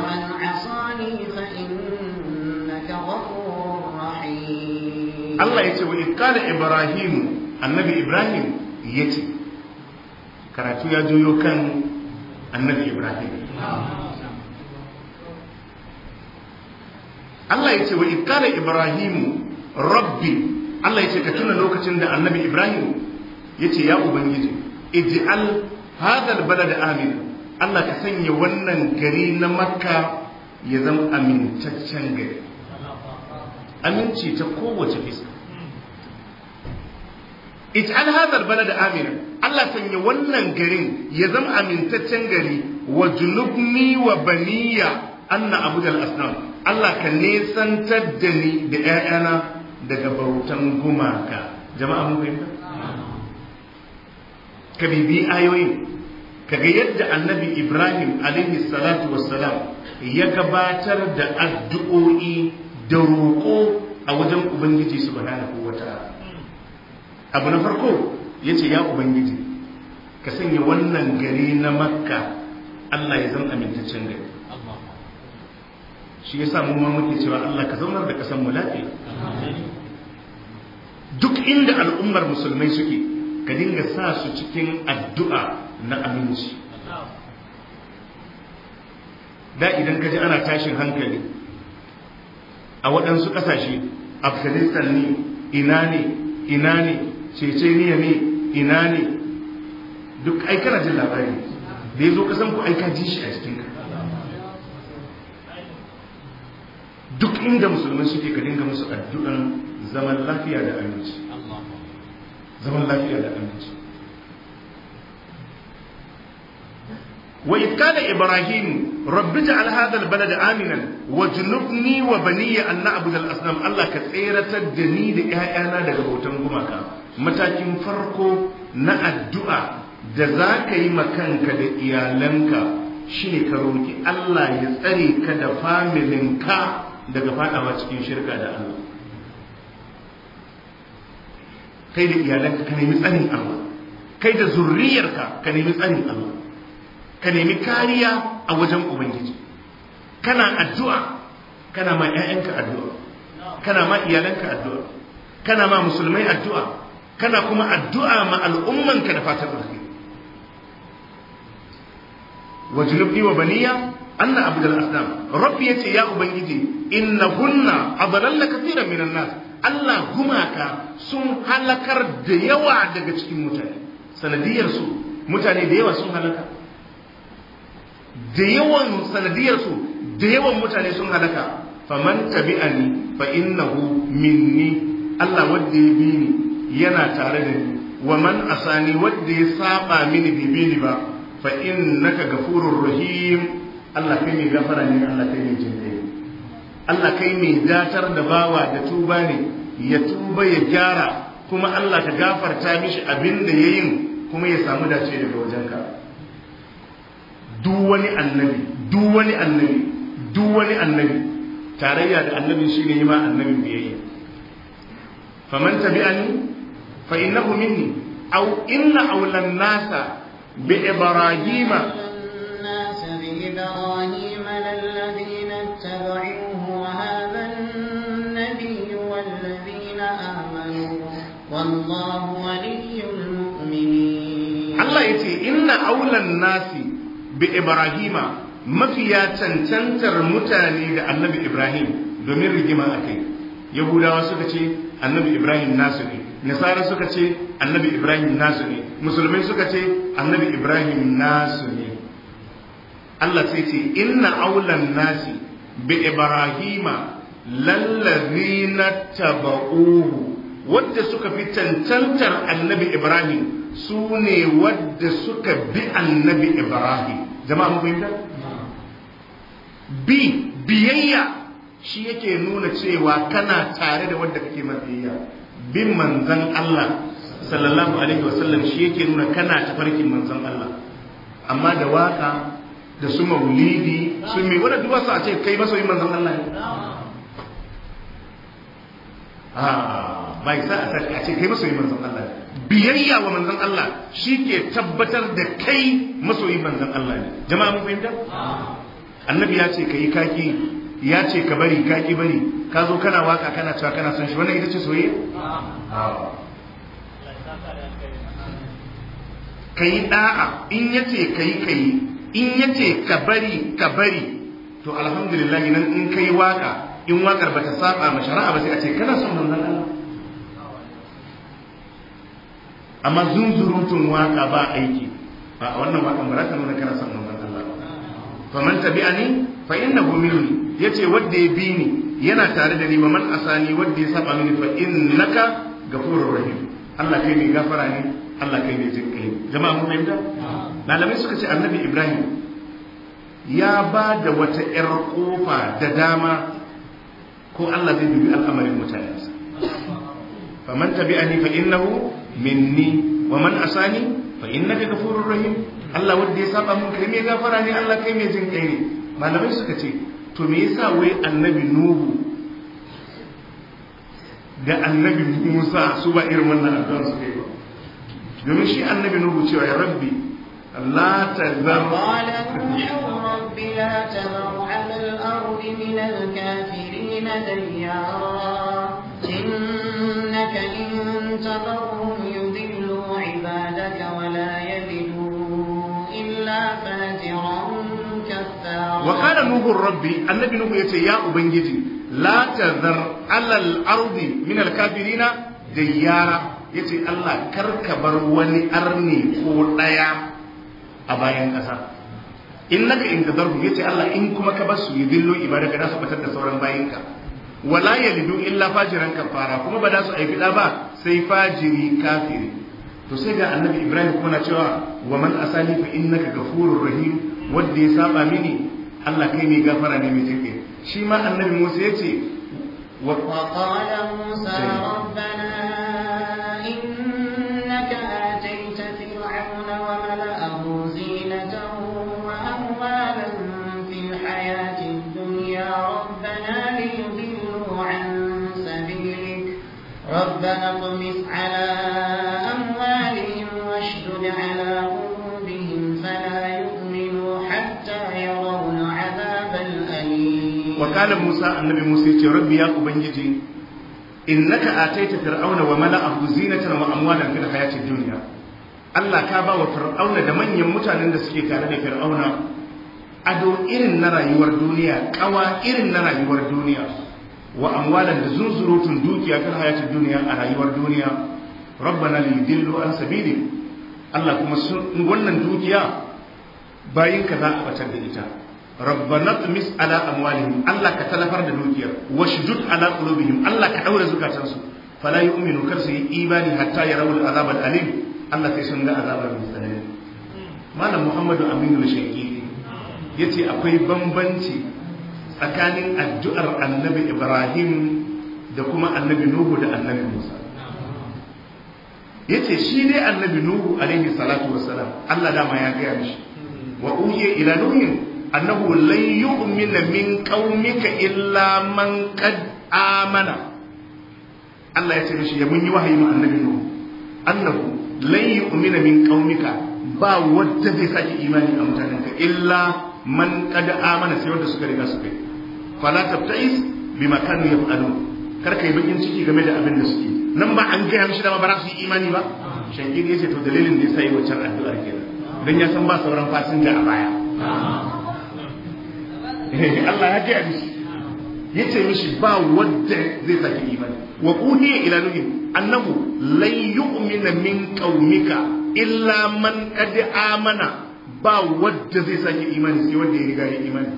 ومن عصاني فإنك غفور رحيم الله يتوى إذ قال إبراهيم النبي إبراهيم يتي karatu ya juyo kan annabi ibrahim Allah ya ce wa ikala ibrahimu rabbi Allah ya ce ka tuna lokacin da annabi ibrahim ya ce ya ubangiji ij'al hadha da amin Allah ka sanya wannan gari na makka ya zama amintaccen gari aminci ta kowace fiska hazar bana da Amina. Allah sanya wannan garin ya zama amintaccen gari wa junubni wa baniya anna abudal asnam Allah ka nesantar da ni da 'ya'yana daga bautan gumaka jama'a mun fahimta ka bibi ayoyin kaga yadda annabi ibrahim alaihi salatu wassalam ya gabatar da addu'o'i da roƙo a wajen ubangiji subhanahu wata'ala abu na farko yace ya ubangiji ka sanya wannan gari na makka allah ya zama amintaccen gari shi yasa mu ma muke cewa allah ka zaunar da kasan mu lafiya duk inda al'ummar musulmai suke ka dinga sa su cikin addu'a na aminci da idan kaji ana tashin hankali a waɗansu ƙasashe afghanistan ne ina ne ina ne ceceniya ne ina ne duk aikana jin labari da ya zo kasan ku aika ji shi a cikinka duk inda musulmai suke ka dinga musu addu'an zaman lafiya da aminci zaman lafiya da aminci وإذ قال إبراهيم رب اجعل هذا البلد آمنا وجنبني وبني أن نعبد الأصنام الله كثيرة الدني لإهانا لغبوتن غمكا متاكين فرقو نا الدعاء دزاك يمكان كد إيالنكا شيني كروكي الله يسأري كد فاملنكا دغفاتا واتكين شركة دا الله kai da iyalanka ka nemi tsarin Allah kai da zurriyarka ka nemi tsarin Allah ka nemi kariya a wajen ubangiji kana addu'a kana ma 'ya'yanka addu'a kana ma iyalanka addu'a kana ma musulmai addu'a kana kuma addu'a ma al'ummanka da fatan alheri wajlubni wa baniya anna abdul asnam rabbi yace ya ubangiji innahunna adallna kathiran minan nas Allah gumaka sun halakar da yawa daga cikin mutane sanadiyar su mutane da yawa sun halaka da yawan sanadiyarsu da yawan mutane sun halaka faman tabi'ani fa innahu minni Allah wanda ya bi yana tare da ni wa man asani wanda ya saba mini da bi ni ba fa innaka ghafurur rahim Allah kai ne gafara ne Allah kai ne jinde Allah kai ne datar da bawa da tuba ne ya tuba ya gyara kuma Allah ka gafarta mishi abin da yayin kuma ya samu dace daga wajenka duk wani annabi duk wani annabi duk wani annabi tarayya da annabi shine yi ma annabin biyayya faman tabi'ani fa innahu minni aw inna awlan nasa bi ibrahima والله ولي المؤمنين الله يتي إن أولى الناس bi ibrahima mafiya cancantar mutane da annabi ibrahim domin rigima a kai yahudawa suka ce annabi ibrahim nasu ne nasara suka ce annabi ibrahim nasu ne musulmai suka ce annabi ibrahim nasu ne allah sai ce inna aulan nasi bi ibrahima na taba'uhu wadda suka fi cancantar annabi ibrahim su ne wadda suka bi annabi ibrahim jama'a mun fahimta bi biyayya shi yake nuna cewa kana tare da wanda kake mabiyya bin manzan Allah sallallahu alaihi wasallam shi yake nuna kana tafarkin manzan Allah amma da waka da su maulidi su mai wanda duwa su a ce kai masoyin manzan Allah ne ah. bai sa a ce kai masoyin manzon Allah biyayya wa manzon Allah shi ke tabbatar da kai masoyin manzon Allah ne jama'a mun fahimta annabi ya ce kai kaki ya ce ka bari kaki bari ka zo kana waka kana cewa kana son shi wannan ita ce soyayya kai da'a in yace kai kai in yace ka bari ka bari to alhamdulillah nan in kai waka in wakar bata saba ma shari'a ba sai a ce kana son manzon Allah amma zunzurutun waka ba aiki a wannan wakan ba za ta nuna kana son manzon Allah ba faman tabi'ani fa innahu minni yace wanda ya bi ni yana tare da ni wa man asani wanda ya saba mini fa innaka ghafurur rahim Allah kai ne gafara ne Allah kai ne jinkai jama'a mun fahimta malamai suka ce annabi Ibrahim ya ba da wata yar kofa da dama ko Allah zai dubi al'amarin mutanensa man tabi'ani fa innahu minni wa man asani fa innaka ghafurur rahim Allah wanda ya saba mun kai mai gafara ne Allah kai mai jin kai ne malamai suka ce to me yasa wai annabi nuhu da annabi musa su ba irin wannan addu'a su kai ba domin shi annabi nuhu cewa ya rabbi la tazar rabbi la tazar ala al-ardi min al-kafirin dayyara innaka in tazar wa qala nuhu rabbi annabi nuhu yace ya ubangiji latazar tazar alal ardi min da yara. dayyara yace Allah karka bar wani arni ko ɗaya a bayan kasa innaka in tadarhu yace Allah in kuma ka basu yidillu ibadaka da su batar da sauran bayinka wala yalidu illa fajiran fara kuma ba da su aifi da ba sai fajiri kafiri to sai ga annabi Ibrahim kuma na cewa wa man in naka innaka ghafurur rahim wanda ya saba mini Allah kai ne gafara ne mai jirgin shi ma annabi Musa ya ce wa qala qala musa annabi musa ya ce rabbi ya ubangiji innaka ataita fir'auna wa mala'ahu zinatan wa amwalan fil hayatid dunya Allah ka ba wa fir'auna da manyan mutanen da suke tare da fir'auna ado irin na rayuwar duniya kawa irin na rayuwar duniya wa amwalan da zunzurutun dukiya fil hayatid dunya a rayuwar duniya rabbana liyudillu an sabili Allah kuma wannan dukiya bayinka za a batar da ita rabbana tumis ala amwalihim Allah ka talafar da dukiyar washdud ala qulubihim Allah ka daure zukatansu fala yu'minu kar su yi imani hatta yarawul azab alim Allah sai sun ga azabar mai tsanani malam Muhammadu Aminu Shaqiri yace akwai bambanci tsakanin addu'ar Annabi Ibrahim da kuma Annabi Nuhu da Annabi Musa yace shi ne Annabi Nuhu alaihi salatu wassalam Allah dama ya gaya shi. wa uhiya ila nuhin annahu lan yu'mina min qaumika illa man qad amana Allah ya ce mishi ya mun yi wahayi ma annabi Nuhu annahu lan yu'mina min qaumika ba wanda zai saki imani a mutanenka illa man qad amana sai wanda suka riga suka yi fala tabtais bima kanu yaf'alun kar kai bakin ciki game da abin da suke nan ba an gaya mishi da ba za su yi imani ba shangiri ya ce to dalilin da ya sa yi wancan addu'ar kenan dan ya san ba sauran fasinja a baya [laughs] Allah ya ji mishi ya ce mishi ba wadda zai saki imani wa kuni ya ilanuhin annahu lan yu'mina min qaumika illa man qad amana ba wadda zai saki imani sai wanda ya riga ya imani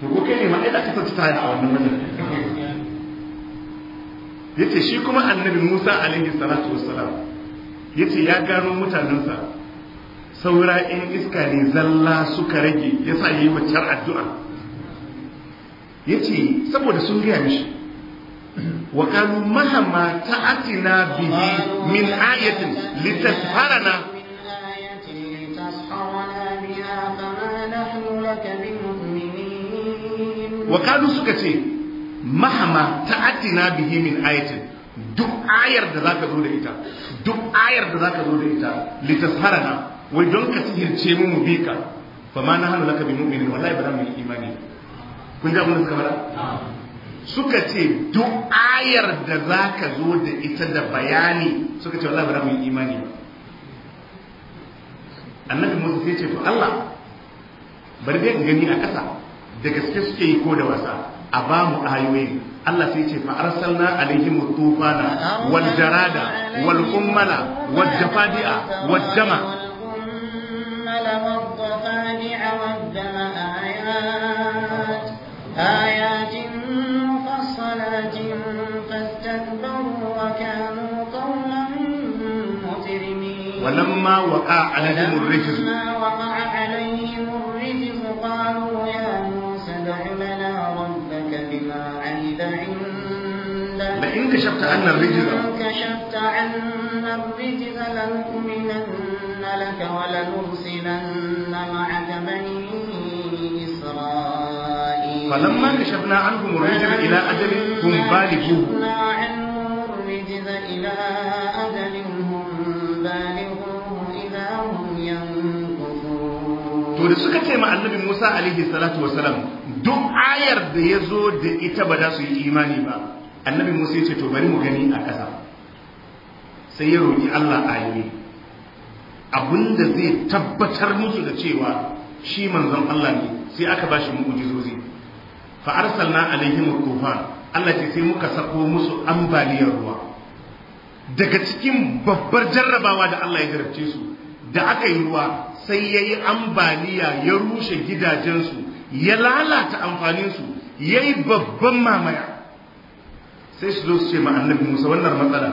to ko kai ma ai da ta tsaya a wannan wannan yace shi kuma annabi Musa alaihi salatu wassalam yace ya gano mutanensa saura in iska ne zalla suka rage ya sa yi macar addu'a ya ce saboda sun gaya mishi wa kanu mahama atina bihi min ayatin wa kanu suka ce mahama atina bihi min ayatin duk ayar da ka zo da ita duk ayar da ka zo da ita na. wai don ka tsirce mu mu bi ka fa ma nahnu laka bi mu'minin wallahi ba mu yi imani kun ga abin suka fara suka ce duk ayar da za ka zo da ita da bayani suka ce wallahi ba mu yi imani annabi musa sai ce to allah bar dai gani a ƙasa da gaske suke yi ko da wasa a ba mu ayoyi Allah sai ce fa arsalna alaihim tufana wal jarada wal kummala wal jafadi'a wal jama والنخل والضفادع والدم آيات, آيات مفصلات فاستكبروا وكانوا قوما مجرمين ولما وقع عليهم الرجز ولما وقع عليهم الرجز قالوا يا موسى ادع لنا ربك بما عهد عندك لئن كشفت عنا الرجز كشفت عنا الرجز لنؤمنن لك ولنرسلن جهنم بني إسرائيل فلما كشفنا عنهم الرجل إلى أجل هم بالغوه عنهم to da suka ce ma annabi Musa alaihi salatu wasalam duk ayar da ya zo da ita ba za su yi imani ba annabi Musa ya ce to bari mu gani a ƙasa sai ya roƙi Allah ayoyi abinda zai tabbatar musu da cewa shi manzon Allah ne sai aka ba bashi mu'jizozi fa arsalna alaihim tufan Allah ce sai muka sako musu ambaliyar ruwa daga cikin babbar jarrabawa da Allah ya jarabce su da aka yi ruwa sai yayi ambaliya ya rushe gidajensu ya lalata amfaninsu yayi babban mamaya sai su zo su ce ma annabi Musa wannan matsala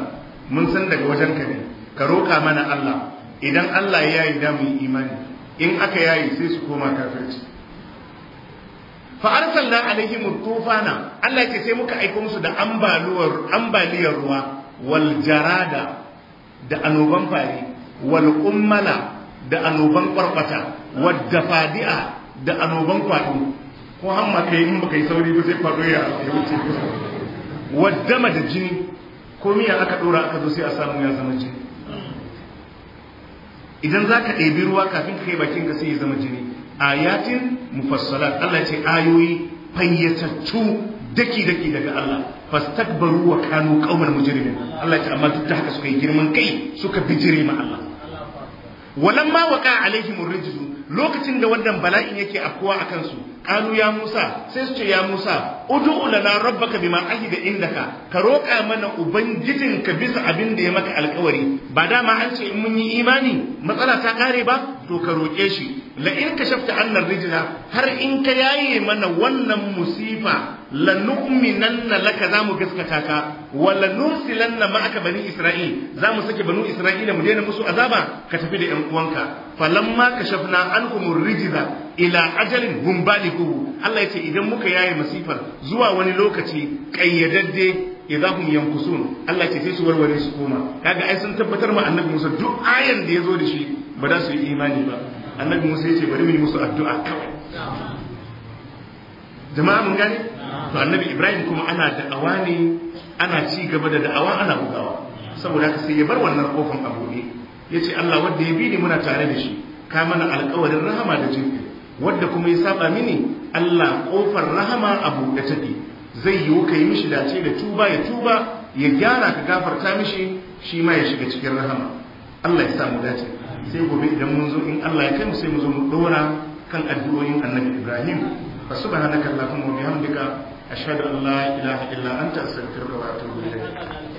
mun san daga wajen ka ne ka roƙa mana Allah idan Allah ya yi damun imani in aka yayi sai su koma kafirci fa arsalna alaihim tufana Allah ce sai muka aika musu da ambaluwar ambaliyar ruwa wal jarada da anoban fari wal ummala da anoban kwarkwata wad dafadi'a da anoban kwado ko hamma kai in baka yi sauri ba sai kwado ya wuce waddama da jini ko miya aka dora aka zo sai a samu ya zama jini idan za ka ɗebi ruwa kafin kai bakin ka sai ya zama jini ayatin mufassalat Allah ce ayoyi fayyatattu daki daki daga Allah fastakbaru wa kanu qauman mujrimin Allah ce amma duk da haka suka yi girman kai suka bijire ma Allah walamma waqa alaihim rijzu lokacin da wannan bala'in yake afkuwa a kansu. qalu ya Musa sai su ce ya Musa ud'u lana rabbaka bima ahida indaka ka roƙa mana ka bisa abin da ya maka alƙawari ba dama an ce in mun yi imani matsala ta kare ba to ka roƙe shi la in ka shafta annar rijla har in ka yaye mana wannan musifa lanu'minanna laka zamu gaskata ka wa lanursilanna ma'aka bani isra'il zamu saki banu isra'ila mu daina musu azaba ka tafi da ƴan uwanka falamma kashafna anhum rijla ila ajalin hum balighu Allah yace idan muka yaye masifar zuwa wani lokaci kayyadadde idza hum yankusun Allah yace sai su warware su koma kaga ai sun tabbatar ma annabi Musa duk ayan da zo da shi ba za su yi imani ba annabi Musa yace bari mu yi musu addu'a kawai jama'a mun gane to annabi Ibrahim kuma ana da'awa ne ana ci gaba da da'awa ana bugawa saboda haka sai ya bar wannan kofan abu ne yace Allah wanda ya bi ni muna tare da shi ka mana alƙawarin rahama da jinƙi Wadda kuma ya saba mini Allah kofar rahama a buɗe take zai yiwu ka yi mishi dace da tuba ya tuba ya gyara ka gafarta mishi shi ma ya shiga cikin rahama Allah ya sa mu dace sai gobe idan mun zo in Allah ya kai mu sai mu zo mu dora kan addu'o'in Annabi Ibrahim subhanaka allahumma wa bihamdika ashhadu an la ilaha illa anta astaghfiruka wa atubu ilayk